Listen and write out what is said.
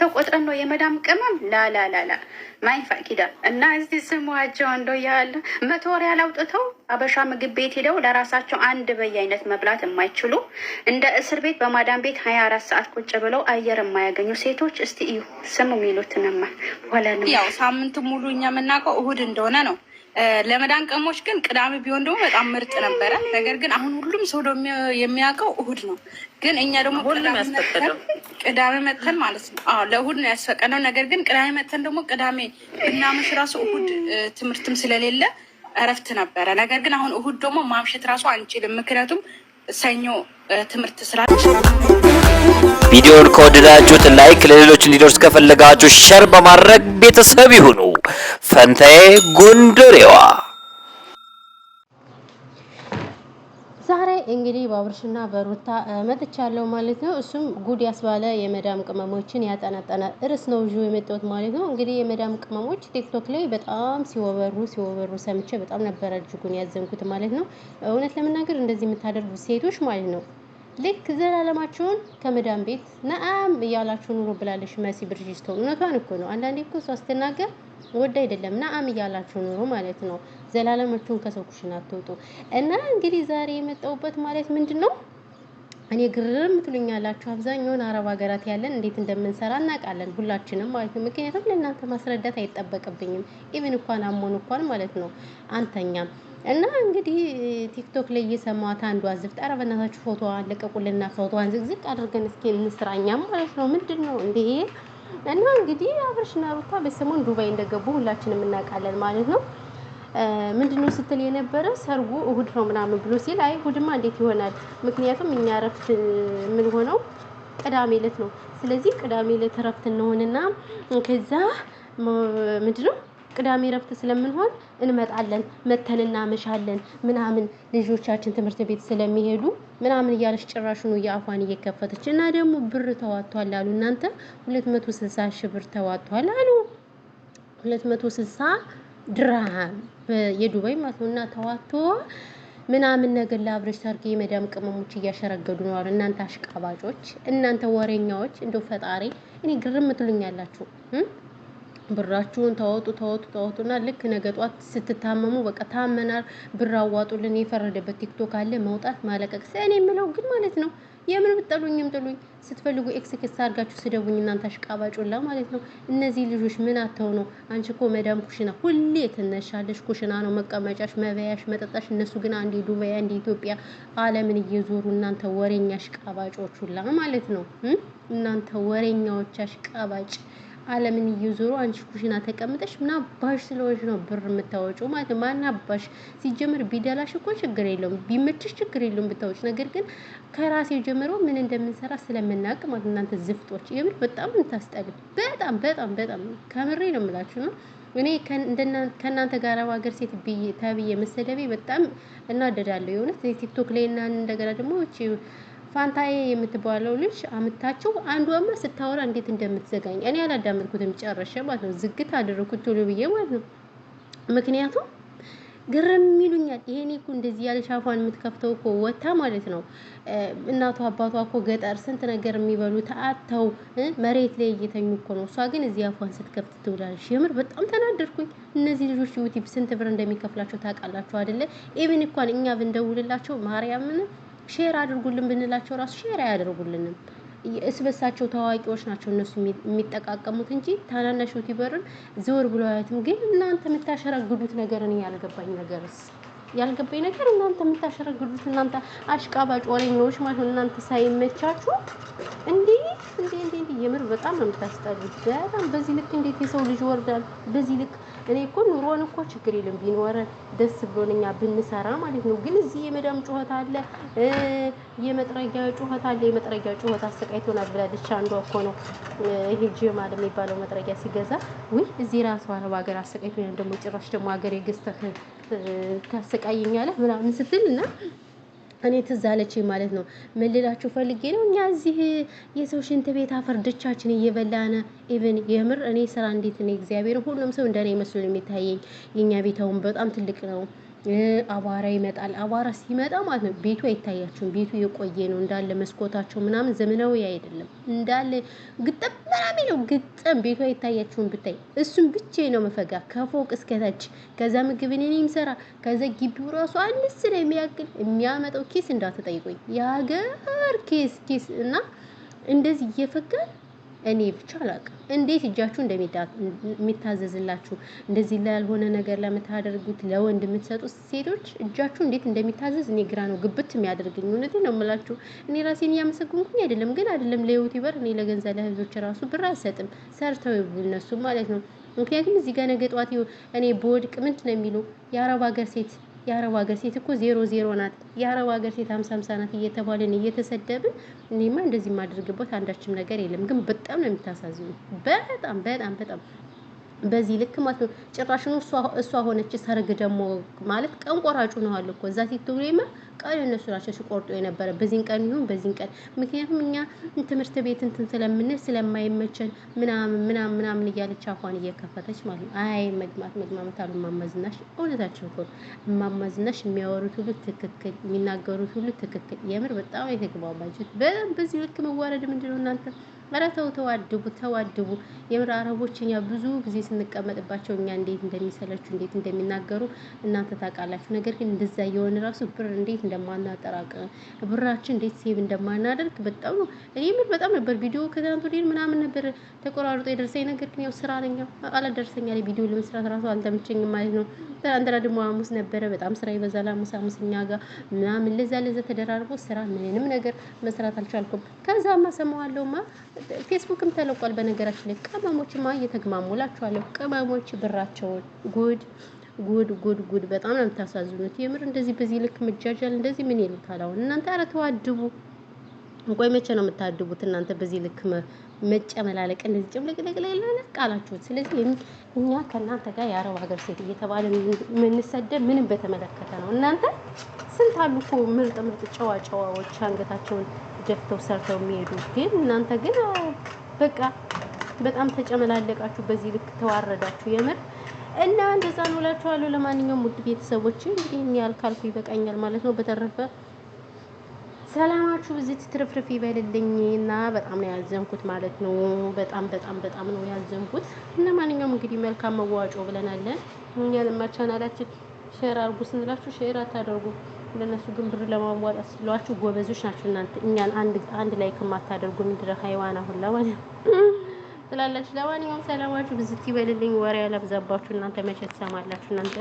ተቆጥረን ነው የመዳም ቅመም ላላላላ ማይፋ ኪዳ እና እዚህ ስሟቸው እንደው ያለ መቶ ወር ያላውጥተው አበሻ ምግብ ቤት ሄደው ለራሳቸው አንድ በየአይነት መብላት የማይችሉ እንደ እስር ቤት በማዳም ቤት ሀያ አራት ሰዓት ቁጭ ብለው አየር የማያገኙ ሴቶች እስቲ እዩ ስሙ የሚሉትንማ ያው ሳምንት ሙሉ እኛ የምናውቀው እሁድ እንደሆነ ነው። ለመዳን ቀሞች ግን ቅዳሜ ቢሆን ደግሞ በጣም ምርጥ ነበረ። ነገር ግን አሁን ሁሉም ሰው የሚያውቀው እሁድ ነው። ግን እኛ ደግሞ ቅዳሜ መተን ማለት ነው ለእሁድ ነው ያስፈቀደው። ነገር ግን ቅዳሜ መተን ደግሞ ቅዳሜ ብናመሽ ራሱ እሁድ ትምህርትም ስለሌለ እረፍት ነበረ። ነገር ግን አሁን እሁድ ደግሞ ማምሸት ራሱ አንችልም፣ ምክንያቱም ሰኞ ትምህርት ስራ ቪዲዮን ከወደዳችሁት ላይክ፣ ለሌሎች እንዲደርስ ከፈለጋችሁ ሸር በማድረግ ቤተሰብ ይሁኑ። ፈንታዬ ጎንደሬዋ ዛሬ እንግዲህ ባብርሽና በሩታ መጥቻለሁ ማለት ነው። እሱም ጉድ ያስባለ የመዳም ቅመሞችን ያጠናጠና እርስ ነው ይዤ የመጣሁት ማለት ነው። እንግዲህ የመዳም ቅመሞች ቲክቶክ ላይ በጣም ሲወበሩ ሲወበሩ ሰምቼ በጣም ነበረ እጅጉን ያዘንኩት ማለት ነው። እውነት ለመናገር እንደዚህ የምታደርጉት ሴቶች ማለት ነው ልክ ዘላለማችሁን ከመዳን ቤት ነአም እያላችሁ ኑሮ ብላለች መሲ ብርጅስቶ። እውነቷን እኮ ነው። አንዳንዴ እኮ እሷ ስትናገር ወድ አይደለም ነአም እያላችሁ ኑሮ ማለት ነው። ዘላለማችሁን ከሰው ኩሽና አትወጡ። እና እንግዲህ ዛሬ የመጣሁበት ማለት ምንድን ነው እኔ ግርም ትሉኛላችሁ። አብዛኛውን አረብ ሀገራት ያለን እንዴት እንደምንሰራ እናውቃለን ሁላችንም ማለት ነው። ምክንያቱም ለእናንተ ማስረዳት አይጠበቅብኝም። ኢቨን እንኳን አሞን እንኳን ማለት ነው አንተኛም እና እንግዲህ ቲክቶክ ላይ እየሰማት አንዷ ዝፍት ኧረ በእናታችሁ ፎቶዋን ልቀቁልና ፎቶዋን ዝቅዝቅ አድርገን እስኪ እንስራ ማለት ነው። ምንድን ነው እንዴ? እና እንግዲህ አብርሽና ሩታ በሰሞን ዱባይ እንደገቡ ሁላችንም እናውቃለን ማለት ነው። ነው ስትል የነበረ ሰርጉ እሁድ ነው ምናምን ብሎ ሲል አይ እሁድማ እንዴት ይሆናል? ምክንያቱም እኛ እረፍት የምንሆነው ቅዳሜ ዕለት ነው። ስለዚህ ቅዳሜ ዕለት እረፍት እንሆንና ከዛ ነው ቅዳሜ ረፍት ስለምንሆን እንመጣለን መተን እናመሻለን ምናምን ልጆቻችን ትምህርት ቤት ስለሚሄዱ ምናምን እያለች ጭራሹኑ የአፏን እየከፈተች እና ደግሞ ብር ተዋጥቷል አሉ። እናንተ ሁለት መቶ ስልሳ ሺህ ብር ተዋጥቷል አሉ። ሁለት መቶ ስልሳ የዱባይ ማለት ነው እና ተዋጥቶ ምናምን ነገር ለአብረሽ ሰርጌ የመዳም ቅመሞች እያሸረገዱ ነው አሉ። እናንተ አሽቃባጮች፣ እናንተ ወሬኛዎች፣ እንደው ፈጣሪ እኔ ግርም ትሉኛላችሁ። ብራችሁን ተወጡ ተወጡ ተወጡና ልክ ነገ ጧት ስትታመሙ በቃ ታመናል ብር አዋጡልን የፈረደበት ቲክቶክ አለ መውጣት ማለቀቅ። እኔ የምለው ግን ማለት ነው የምን ብጠሉኝም ጥሉኝ ስትፈልጉ ክስ አድርጋችሁ ስደቡኝ እናንተ አሽቃባጩላ ማለት ነው። እነዚህ ልጆች ምን አተው ነው? አንቺ እኮ መዳም ኩሽና ሁሌ ትነሻለሽ። ኩሽና ነው መቀመጫሽ፣ መበያሽ፣ መጠጣሽ። እነሱ ግን አንዴ ዱባይ አንዴ ኢትዮጵያ አለምን እየዞሩ እናንተ ወሬኛ አሽቃባጮቹላ ማለት ነው። እናንተ ወሬኛዎች አሽቃባጭ አለምን እየዞሩ አንቺ ኩሽና ተቀምጠሽ ምን አባሽ ስለሆንሽ ነው ብር የምታወጪው ማለት ነው። ማን አባሽ ሲጀምር ቢደላሽ እኮ ችግር የለውም ቢመችሽ ችግር የለውም ብታወጪ። ነገር ግን ከራሴ ጀምሮ ምን እንደምንሰራ ስለምናውቅ ማለት እናንተ ዝፍጦች የምር በጣም የምታስጠሉ በጣም በጣም በጣም ከምሬ ነው የምላችሁ ነው። እኔ ከእናንተ ጋር ሀገር ሴት ተብዬ መሰደቤ በጣም እናደዳለሁ። የእውነት ቲክቶክ ላይ እና እንደገና ደግሞ ፋንታዬ የምትባለው ልጅ አምታችሁ አንዷማ ስታወራ እንዴት እንደምትዘጋኝ እኔ አላዳመጥኩትም ጨረሸ ማለት ነው። ዝግት አደረኩት ቶሎ ብዬ ማለት ነው። ምክንያቱም ግርም ይሉኛል። ይሄኔ እኮ እንደዚህ ያለሽ አፏን የምትከፍተው እኮ ወታ ማለት ነው። እናቱ አባቷ እኮ ገጠር ስንት ነገር የሚበሉ ተአተው መሬት ላይ እየተኙ እኮ ነው። እሷ ግን እዚህ አፏን ስትከፍት ትውላለች። የምር በጣም ተናደርኩኝ። እነዚህ ልጆች ዩቲብ ስንት ብር እንደሚከፍላቸው ታውቃላችሁ አይደለ? ኢቭን እንኳን እኛ ብንደውልላቸው ማርያምን ሼር አድርጉልን ብንላቸው ራሱ ሼር አያደርጉልንም። እስበሳቸው ታዋቂዎች ናቸው እነሱ የሚጠቃቀሙት እንጂ ታናናሽ ዩቲዩበርን ዘወር ብሎ አያትም። ግን እናንተ የምታሸረግዱት ነገር እኔ ያልገባኝ ነገርስ ያልገባኝ ነገር እናንተ የምታሸረግዱት እናንተ አሽቃባጭ ወሬኞች ማለት ነው። እናንተ ሳይመቻችሁ እንዴ እንዴ እንዴ የምር በጣም ነው የምታስጠሉት። በጣም በዚህ ልክ እንዴት የሰው ልጅ ወርዳል በዚህ ልክ እኔ እኮ ኑሮን እኮ ችግር የለም ቢኖረን ደስ ብሎን እኛ ብንሰራ ማለት ነው። ግን እዚህ የመዳም ጩኸት አለ፣ የመጥረጊያ ጩኸት አለ። የመጥረጊያ ጩኸት አሰቃይቶናል ብላለች አንዷ እኮ ነው ይሄ ጀማል የሚባለው መጥረጊያ ሲገዛ ውይ እዚህ ራሱ አረብ ሀገር አሰቃይቶኛል ደግሞ ጭራሽ ደግሞ ሀገር የገዝተህ ታሰቃየኛለህ ምናምን ስትል እና እኔ ትዝ አለችኝ ማለት ነው። ምን ልላችሁ ፈልጌ ነው እኛ እዚህ የሰው ሽንት ቤት አፈር ድቻችን እየበላን ኢቨን የምር እኔ ስራ እንዴት ነው እግዚአብሔር ሁሉም ሰው እንደኔ መስሎ የሚታየኝ የእኛ ቤታውን በጣም ትልቅ ነው አቧራ ይመጣል አቧራ ሲመጣ ማለት ነው ቤቱ አይታያችሁም ቤቱ የቆየ ነው እንዳለ መስኮታቸው ምናምን ዘመናዊ አይደለም እንዳለ ግጥም ምናምን ነው ግጥም ቤቱ አይታያችሁም ብታይ እሱም ብቻ ነው መፈጋ ከፎቅ እስከታች ከዛ ምግብ እኔ ነኝ የምሰራ ከዛ ግቢው ራሱ አንስ ነው የሚያክል የሚያመጣው ኪስ እንዳትጠይቁኝ የሀገር ኪስ ኪስ እና እንደዚህ እየፈጋን እኔ ብቻ አላውቅም እንዴት እጃችሁ እንደሚታዘዝላችሁ እንደዚህ ላልሆነ ነገር ለምታደርጉት ለወንድ የምትሰጡት ሴቶች እጃችሁ እንዴት እንደሚታዘዝ እኔ ግራ ነው ግብት የሚያደርግኝ። እውነቴ ነው የምላችሁ። እኔ ራሴን እያመሰግንኩኝ አይደለም፣ ግን አይደለም ለዩቲዩበር እኔ ለገንዘብ ለህዝቦች ራሱ ብር አልሰጥም። ሰርተው ይብሉ እነሱ ማለት ነው። ምክንያቱም እዚህ ጋር ነገ ጠዋት እኔ በወድቅ ምንት ነው የሚሉ የአረብ ሀገር ሴት የአረብ ሀገር ሴት እኮ ዜሮ ዜሮ ናት፣ የአረብ ሀገር ሴት ሀምሳ ሀምሳ ናት እየተባለን እየተሰደብን፣ እኔማ እንደዚህ የማደርግበት አንዳችም ነገር የለም። ግን በጣም ነው የምታሳዝኑ፣ በጣም በጣም በጣም በዚህ ልክ ማለት ነው። ጭራሽኑ እሷ ሆነች ሰርግ ደግሞ ማለት ቀንቆራጩ ነው አለ እኮ እዛ ሴት ቀሪ እነሱ ናቸው ሲቆርጡ የነበረ በዚህን ቀን ይሁን በዚህን ቀን። ምክንያቱም እኛ ትምህርት ቤት እንትን ስለምንል ስለማይመቸን ምናምን ምናምን ምናምን እያለች አፏን እየከፈተች ማለት ነው። አይ መግማት መግማመት አሉ ማማዝናሽ፣ እውነታቸው እኮ ማማዝናሽ። የሚያወሩት ሁሉ ትክክል፣ የሚናገሩት ሁሉ ትክክል። የምር በጣም የተግባባችሁት በዚህ ልክ መዋረድ ምንድነው እናንተ? ኧረ ተው ተዋድቡ ተዋድቡ የምር አረቦች እኛ ብዙ ጊዜ ስንቀመጥባቸው እኛ እንዴት እንደሚሰለቹ እንዴት እንደሚናገሩ እናንተ ታውቃላችሁ። ነገር ግን እንደዛ እየሆነ ራሱ ብር እንዴት እንደማናጠራቅ ብራችን እንዴት ሴብ እንደማናደርግ በጣም ነው። እኔ ምን በጣም ነበር ቪዲዮ ከትናንት ወዲህ ምናምን ነበር ተቆራርጦ የደርሰኝ። ነገር ግን ያው ስራ ነኝ አላ ደርሰኛ ላይ ቪዲዮ ለመስራት ራሱ አልተመቸኝም ማለት ነው። ትናንትና ደግሞ ሐሙስ ነበረ በጣም ስራ ይበዛል። ሐሙስ ሐሙስ እኛ ጋር ምናምን ለዛ ለዛ ተደራርቦ ስራ ምንም ነገር መስራት አልቻልኩም። ከዛማ ሰማዋለሁማ ፌስቡክም ተለቋል። በነገራችን ላይ ቅመሞችማ ማ እየተግማሙላችኋለሁ። ቅመሞች ብራቸው ጉድ ጉድ ጉድ ጉድ በጣም ነው የምታሳዝኑት። የምር እንደዚህ በዚህ ልክ መጃጃል እንደዚህ ምን ይሉታል አሁን እናንተ። ኧረ ተዋድቡ። አድቡ። ቆይ መቼ ነው የምታድቡት እናንተ በዚህ ልክ መጨመላለቅ እንደዚህ ጭምልቅልቅልቅ ቃላችሁት። ስለዚህ እኛ ከእናንተ ጋር የአረብ ሀገር ሴት እየተባለ ምንሰደብ ምንም በተመለከተ ነው እናንተ ስንት አሉ እኮ ምርጥ ምርጥ ጨዋ ጨዋዎች አንገታቸውን ደፍተው ሰርተው የሚሄዱ ግን እናንተ ግን በቃ በጣም ተጨመላለቃችሁ፣ በዚህ ልክ ተዋረዳችሁ የምር እና እንደዛ ነው እላችኋለሁ። ለማንኛውም ውድ ቤተሰቦች እንግዲህ እኔ ያልካልኩ ይበቃኛል ማለት ነው። በተረፈ ሰላማችሁ ብዙ ትርፍርፍ ይበልልኝ እና በጣም ነው ያዘንኩት ማለት ነው። በጣም በጣም በጣም ነው ያዘንኩት። እና ማንኛውም እንግዲህ መልካም መዋጮ ብለናለን እኛ ለማቻናላችን ሼር አድርጉ ስንላችሁ ሼር አታደርጉ ለነሱ ግን ብር ለማዋጣት ሲሏችሁ ጎበዞች ናቸው እናንተ እኛን አንድ ላይ ከማታደርጉ ምድረ ሀይዋን አሁን ለማን ትላላችሁ። ለማንኛውም ሰላማችሁ ብዙ ይበልልኝ። ወሬ ያላብዛባችሁ እናንተ መቼ ትሰማላችሁ እናንተ